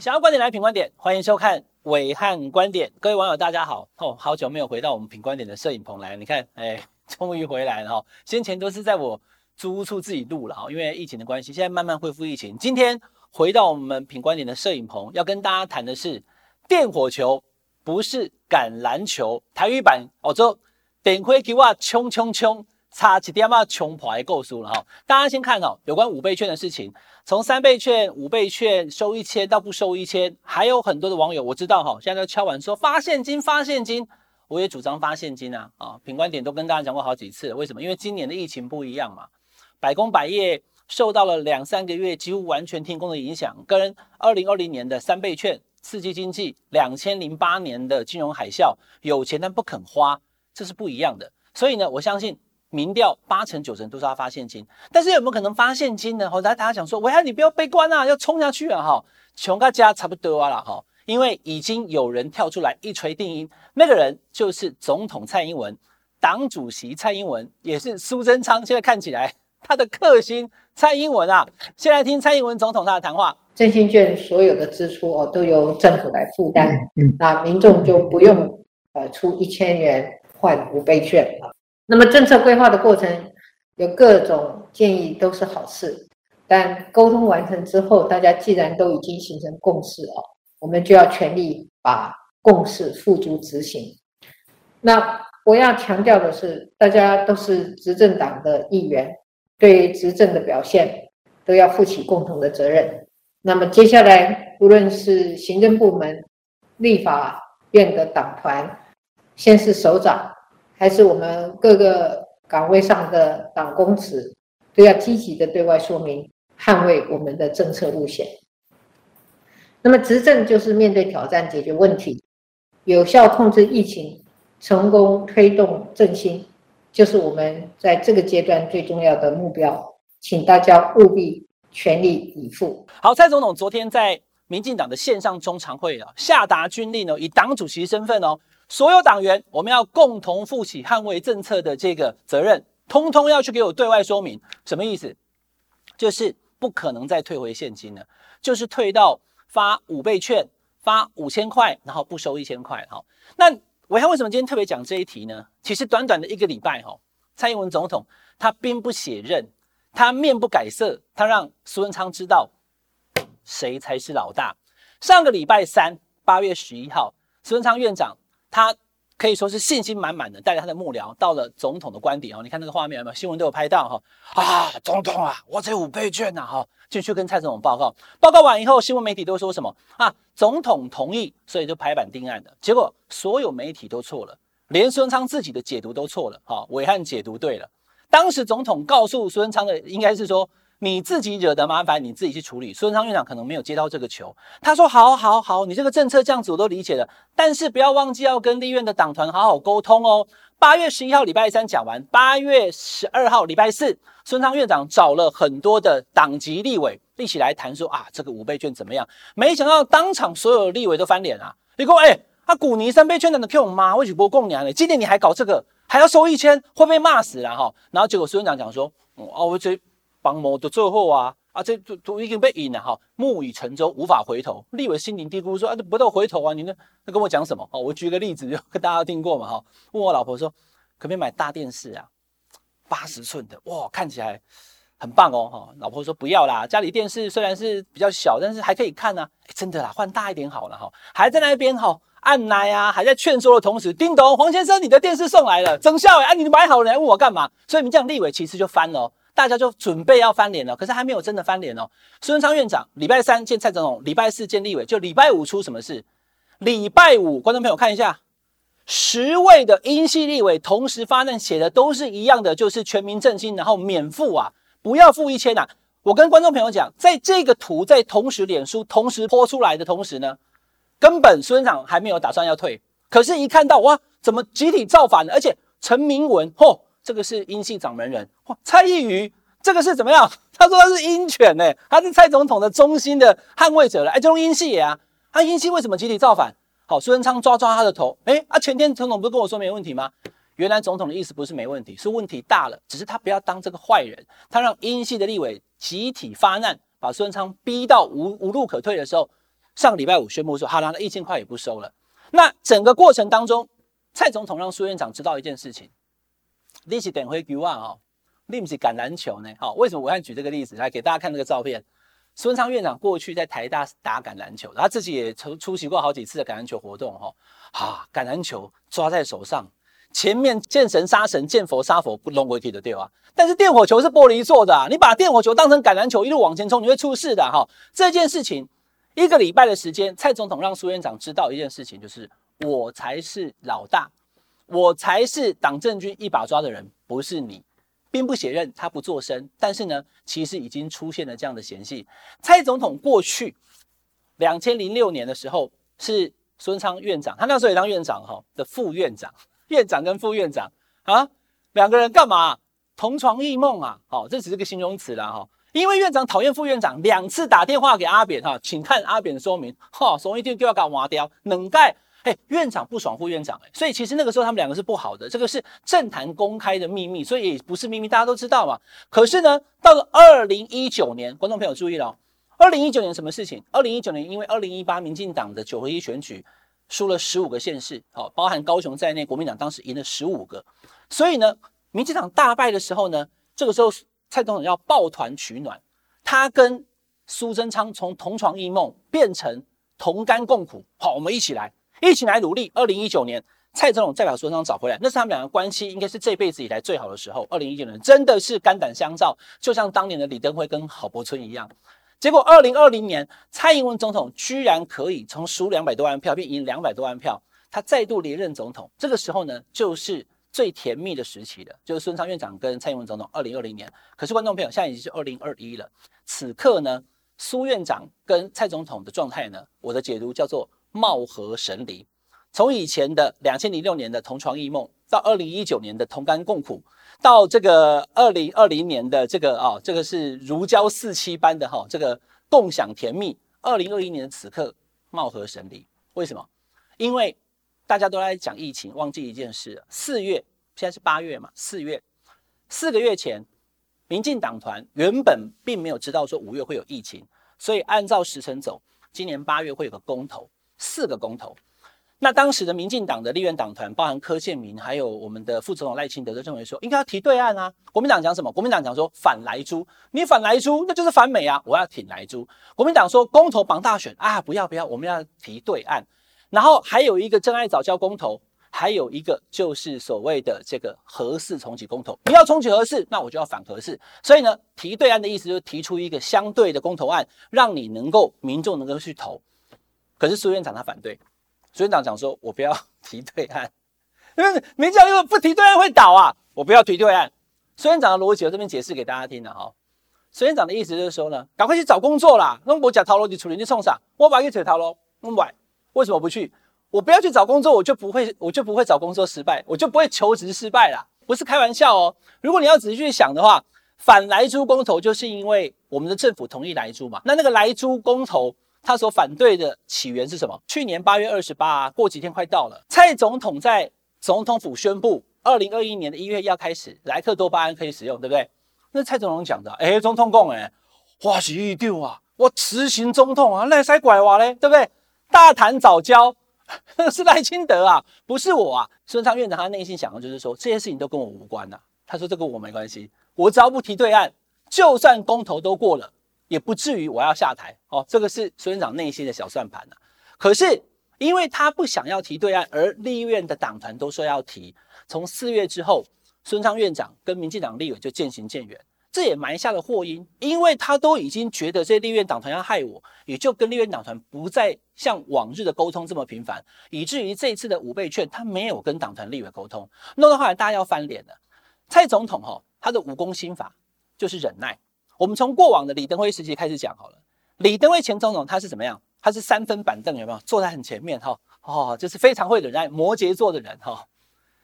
想要觀點來品觀點，歡迎收看暐瀚觀點。各位網友大家好，哦，好久沒有回到我們品觀點的攝影棚來，你看，誒終於回來了哈。先前都是在我租屋處自己錄了，因為疫情的關係，現在慢慢恢復疫情。今天回到我們品觀點的攝影棚，要跟大家談的是電火球不是橄欖球，台語版哦，這電灰給我衝衝衝。差幾點要窮跑來購書了哈、哦！大家先看哦，有關五倍券的事情，從三倍券、五倍券收一千到不收一千，還有很多的網友，我知道哈，現在都敲碗說發現金、發現金，我也主張發現金啊！啊、哦，品觀點都跟大家講過好幾次了，為什麼？因為今年的疫情不一樣嘛，百工百業受到了兩三個月幾乎完全停工的影響，跟二零二零年的三倍券刺激經濟、兩千零八年的金融海嘯有錢但不肯花，這是不一樣的。所以呢，我相信。民調八成九成都是要發現金，但是有沒有可能發現金呢？後來大家想說，喂，你不要悲觀啊，要衝下去啊！吼，窮大家差不多了吼，因為已經有人跳出來一錘定音，那個人就是總統蔡英文，黨主席蔡英文也是蘇貞昌。現在看起來他的克星蔡英文啊，先來聽蔡英文總統他的談話：振興券所有的支出哦，都由政府來負擔，嗯嗯，那民眾就不用呃出一千元換五倍券那麼政策規劃的過程有各種建議都是好事，但溝通完成之後，大家既然都已經形成共識哦，我們就要全力把共識付諸執行。那我要強調的是，大家都是執政黨的一員，對執政的表現都要負起共同的責任。那麼接下來，無論是行政部門、立法院的黨團，先是首長。還是我們各個崗位上的黨公職都要積極的對外說明，捍衛我們的政策路線。那麼執政就是面對挑戰、解決問題，有效控制疫情，成功推動振興，就是我們在這個階段最重要的目標，請大家務必全力以赴。好，蔡總統昨天在民進黨的線上中常會啊，下達軍令呢，以黨主席身份哦。所有黨員，我們要共同負起捍衛政策的這個責任，通通要去給我對外說明什麼意思？就是不可能再退回現金了，就是退到發五倍券，發五千塊，然後不收一千塊。哈、哦，那暐瀚為什麼今天特別講這一題呢？其實短短的一個禮拜，哈，蔡英文總統他兵不血刃，他面不改色，他讓蘇貞昌知道誰才是老大。上個禮拜三，八月十一號，蘇貞昌院長。他可以說是信心滿滿的，帶着他的幕僚到了總統的官邸哦。你看那個畫面有沒有？新聞都有拍到哈、哦、啊！總統啊，我這五倍券吶、啊，哈、哦，進去跟蔡總統報告。報告完以後，新聞媒體都說什麼啊？總統同意，所以就拍板定案的結果，所有媒體都錯了，連蘇昌自己的解讀都錯了。哈、哦，暐瀚解讀對了。當時總統告訴蘇昌的，應該是說。你自己惹的麻煩，你自己去處理。蘇貞昌院長可能沒有接到這個球，他說：“好，好，好，你這個政策這樣子我都理解了，但是不要忘記要跟立院的黨團好好溝通哦。”八月十一號禮拜三講完，八月十二號禮拜四，蘇貞昌院長找了很多的黨籍立委一起來談，說：“啊，這個五倍券怎麼樣？”沒想到當場所有的立委都翻臉啊，你給我哎，啊，去年三倍券媽，難道騙我嗎？為什麼不供你？今年你還搞這個，還要收一千，會被罵會死了哈。然後結果蘇院長講說：“哦、嗯啊，我會追。」幫忙的最後啊啊，啊，這都已經被引了哈、啊，木已成舟，無法回頭。立委心裡嘀咕說啊，這不道回頭啊，你那那跟我講什麼？哈、哦，我舉個例子，跟大家都聽過嘛哈。問我老婆說，可不可以買大電視啊，八十寸的哇，看起來很棒哦哈、哦。老婆說不要啦，家裡電視雖然是比較小，但是還可以看啊。真的啦，換大一點好了哈、哦。還在那邊哈、哦、按奶啊，還在勸說的同時，叮咚，黃先生，你的電視送來了，生效啊，你買好了，來問我幹嘛？所以，你這樣立委其實就翻了、哦。大家就準備要翻臉了，可是還沒有真的翻臉哦。蘇貞昌院長禮拜三見蔡總統，禮拜四見立委，就禮拜五出什麼事？禮拜五，觀眾朋友看一下，十位的英系立委同時發難，寫的都是一樣的，就是全民振興，然後免付啊，不要付一千吶、啊。我跟觀眾朋友講，在這個圖在同時臉書同時播出來的同時呢，根本蘇院長還沒有打算要退，可是一看到哇，怎麼集體造反呢？而且陳明文，嚯、哦！這個是英系掌門人蔡易餘，這個是怎麼樣？他說他是鷹犬呢，他是蔡總統的忠心的捍衛者了。這種英系也、欸、啊，他、啊、英系為什麼集體造反？好，蘇貞昌抓抓他的頭。哎、欸，啊，前天總統不是跟我說沒問題嗎？原來總統的意思不是沒問題，是問題大了，只是他不要當這個壞人。他讓英系的立委集體發難，把蘇貞昌逼到無無路可退的時候，上禮拜五宣布說，好了，那一千塊也不收了。那整個過程當中，蔡總統讓蘇院長知道一件事情。你是電火球啊？你不是橄欖球呢？好，為什麼我要舉這個例子來給大家看這個照片？孫昌院長過去在台大打橄欖球的，他自己也曾出席過好幾次的橄欖球活動。哈，啊，橄欖球抓在手上，前面見神殺神，見佛殺佛，不容易的對吧？但是電火球是玻璃做的、啊，你把電火球當成橄欖球一路往前衝，你會出事的、啊。哈，這件事情一個禮拜的時間，蔡總統讓蘇院長知道一件事情，就是我才是老大。我才是黨政軍一把抓的人，不是你。兵不血刃，他不作聲，但是呢，其實已經出現了這樣的嫌隙。蔡總統過去兩千零六年的時候是蘇昌院長，他那時候也當院長哈、哦、的副院長，院長跟副院長啊，兩個人幹嘛同床異夢啊？好、哦，這只是個形容詞啦哈、哦，因為院長討厭副院長，兩次打電話給阿扁哈，請看阿扁的說明哈，所以就叫要搞麻掉，兩屆。哎、欸，院長不爽副院長哎、欸，所以其實那個時候他們兩個是不好的，這個是政壇公開的秘密，所以也不是秘密，大家都知道嘛。可是呢，到了二零一九年，觀眾朋友注意了，二零一九年什麼事情？二零一九年因為二零一八民進黨的九合一選舉輸了十五個縣市，哦，包含高雄在內，國民黨當時贏了十五個，所以呢，民進黨大敗的時候呢，這個時候蔡總統要抱團取暖，他跟蘇貞昌從同床異夢變成同甘共苦，好，我們一起來。一起來努力。二零一九年，蔡總統再把蘇貞昌找回來，那是他們兩個關係應該是這輩子以來最好的時候。二零一九年真的是肝膽相照，就像當年的李登輝跟郝柏村一樣。結果二零二零年，蔡英文總統居然可以從輸兩百多萬票變贏兩百多萬票，他再度連任總統。這個時候呢，就是最甜蜜的時期了，就是蘇貞昌院長跟蔡英文總統二零二零年。可是觀眾朋友，現在已經是二零二一了，此刻呢，蘇院長跟蔡總統的狀態呢，我的解讀叫做。貌合神離，從以前的兩千零六年的同床異夢，到二零一九年的同甘共苦，到這個二零二零年的這個啊、哦，這個是如膠似漆般的哈、哦，這個共享甜蜜。二零二一年的此刻貌合神離，為什麼？因為大家都在講疫情，忘記一件事了，四月，現在是八月嘛，四月，四個月前，民進黨團原本並沒有知道說五月會有疫情，所以按照時程走，今年八月會有個公投。四個公投，那當時的民進黨的立院黨團，包含柯建銘，還有我們的副總統賴清德，都認為說應該要提對案啊。國民黨講什麼？國民黨講說反萊豬，你反萊豬那就是反美啊。我要挺萊豬。國民黨說公投綁大選啊，不要不要，我們要提對案。然後還有一個珍愛藻礁公投，還有一個就是所謂的這個核四重啟公投。你要重啟核四，那我就要反核四。所以呢，提對案的意思就是提出一個相對的公投案，讓你能夠民眾能夠去投。可是蘇院長他反對，蘇院長講說：“我不要提對案，因為民進黨如果不提對案會倒啊！我不要提對案。”蘇院長的邏輯我這邊解釋給大家聽了哈。蘇院長的意思就是說呢，趕快去找工作啦！那麼我假套邏輯處理你衝啥？我把你扯掏邏那麼為什麼不去？我不要去找工作，我就不會，我就不會找工作失敗，我就不會求職失敗啦！不是開玩笑哦。如果你要仔細去想的話，反萊豬公投就是因為我們的政府同意萊豬嘛，那那個萊豬公投，他所反對的起源是什麼？去年八月二十八，過幾天快到了。蔡總統在總統府宣布，二零二一年的一月要開始，萊克多巴胺可以使用，對不對？那蔡總統講的，誒、欸、總統共、欸，誒哇是一條啊，我執行總統啊，那誰拐話嘞？對不對？大潭藻礁是賴清德啊，不是我啊。蘇昌院長他內心想的就是說，這些事情都跟我無關吶、啊。他說這個我沒關係，我只要不提對岸，就算公投都過了。也不至於我要下台，哦，這個是蘇院長內心的小算盤啊。可是因為他不想要提對岸，而立院的黨團都說要提，從四月之後，蘇貞昌院長跟民進黨立委就漸行漸遠，這也埋下了禍因。因為他都已經覺得這些立院黨團要害我，也就跟立院黨團不再像往日的溝通這麼頻繁，以至於這一次的五倍券，他沒有跟黨團立委溝通。弄到後來，大家要翻臉了。蔡總統哦，他的武功心法就是忍耐。我們從過往的李登輝時期開始講好了。李登輝前總統他是怎麼樣？他是三分板凳有沒有？坐在很前面哈，哦，就是非常會忍耐摩羯座的人哈。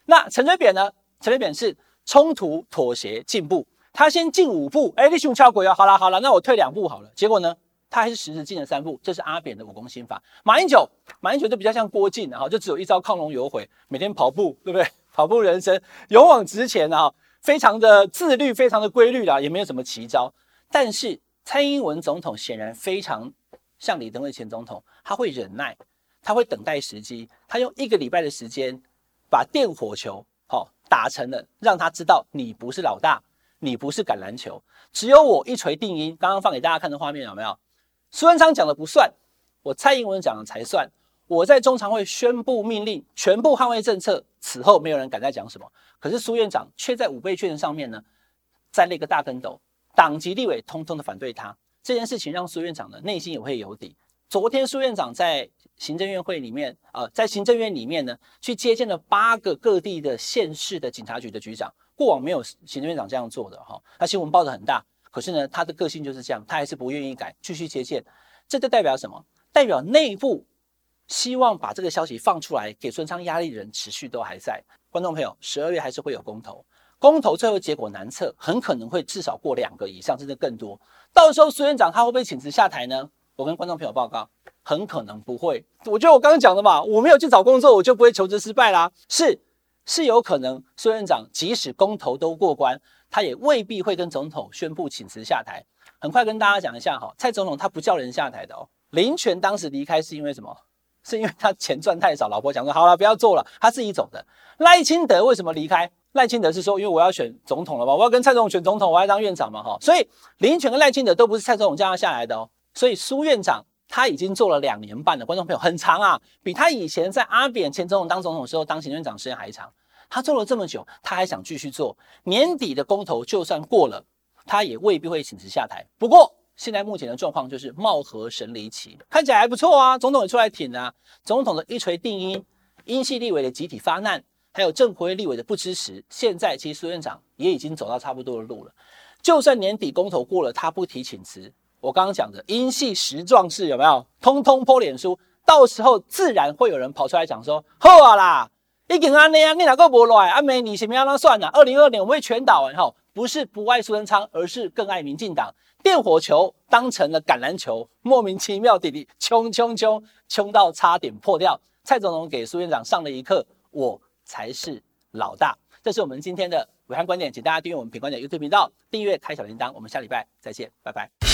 那陳水扁呢？陳水扁是衝突、妥協、進步。他先進五步，哎，弟兄們敲鼓喲，好了好了，那我退兩步好了。結果呢，他還是實質進了三步。這是阿扁的武功心法。馬英九，馬英九就比較像郭靖哈、啊，就只有一招亢龍有悔。每天跑步，對不對？跑步人生，勇往直前啊非常的自律，非常的規律啦、啊，也沒有什麼奇招。但是蔡英文總統顯然非常像李登輝前總統，他會忍耐，他會等待時機。他用一個禮拜的時間，把電火球好打成了，讓他知道你不是老大，你不是橄欖球，只有我一錘定音。剛剛放給大家看的畫面有沒有？蘇貞昌講的不算，我蔡英文講的才算。我在中常會宣布命令，全部捍衛政策，此後沒有人敢再講什麼。可是蘇院長卻在五倍券上面呢，栽了一個大跟斗。黨籍立委通通的反對他這件事情，讓蘇院長呢，內心也會有底。昨天蘇院長在行政院會裡面，呃，在行政院裡面呢，去接見了八個各地的縣市的警察局的局長，過往沒有行政院長這樣做的哈。那、哦、新聞報得很大，可是呢，他的個性就是這樣，他還是不願意改，繼續接見。這就代表什麼？代表內部希望把這個消息放出來給蘇昌壓力的人，持續都還在。觀眾朋友，十二月還是會有公投。公投最後結果難測，很可能會至少過兩個以上，甚至更多。到時候蘇院長他會不會請辭下台呢？我跟觀眾朋友報告，很可能不會。我覺得我剛剛講的嘛，我沒有去找工作，我就不會求職失敗啦。是，是有可能。蘇院長即使公投都過關，他也未必會跟總統宣布請辭下台。很快跟大家講一下哈，蔡總統他不叫人下台的哦。林全當時離開是因為什麼？是因為他錢賺太少，老婆講說好了，不要做了，他自己走的。賴清德為什麼離開？賴清德是說，因為我要選總統了嘛，我要跟蔡總統選總統，我要當院長嘛，哈，所以林全跟賴清德都不是蔡總統叫他下來的哦。所以蘇院長他已經做了兩年半了，觀眾朋友很長啊，比他以前在阿扁前總統當總統的時候當行政院長時間還長。他做了這麼久，他還想繼續做。年底的公投就算過了，他也未必會請辭下台。不過現在目前的狀況就是貌合神離奇，看起來還不錯啊，總統也出來挺啊，總統的一錘定音，英系立委的集體發難。還有正國會立委的不支持，現在其實蘇院長也已經走到差不多的路了。就算年底公投過了，他不提請辭，我剛剛講的“因系時壯士”有沒有？通通潑臉書，到時候自然會有人跑出來講說：“ 好啊啦，已經安內啊，你哪個不來？阿美你麼樣那算了。”二零二二年我們會全倒完吼，不是不愛蘇貞昌，而是更愛民進黨。電火球當成了橄欖球，莫名其妙地裡衝、衝、衝、衝到差點破掉。蔡總統給蘇院長上了一課，我。才是老大，這是我們今天的暐瀚觀點，請大家訂閱我們品觀點的 YouTube 頻道，訂閱開小鈴鐺，我們下禮拜再見，拜拜。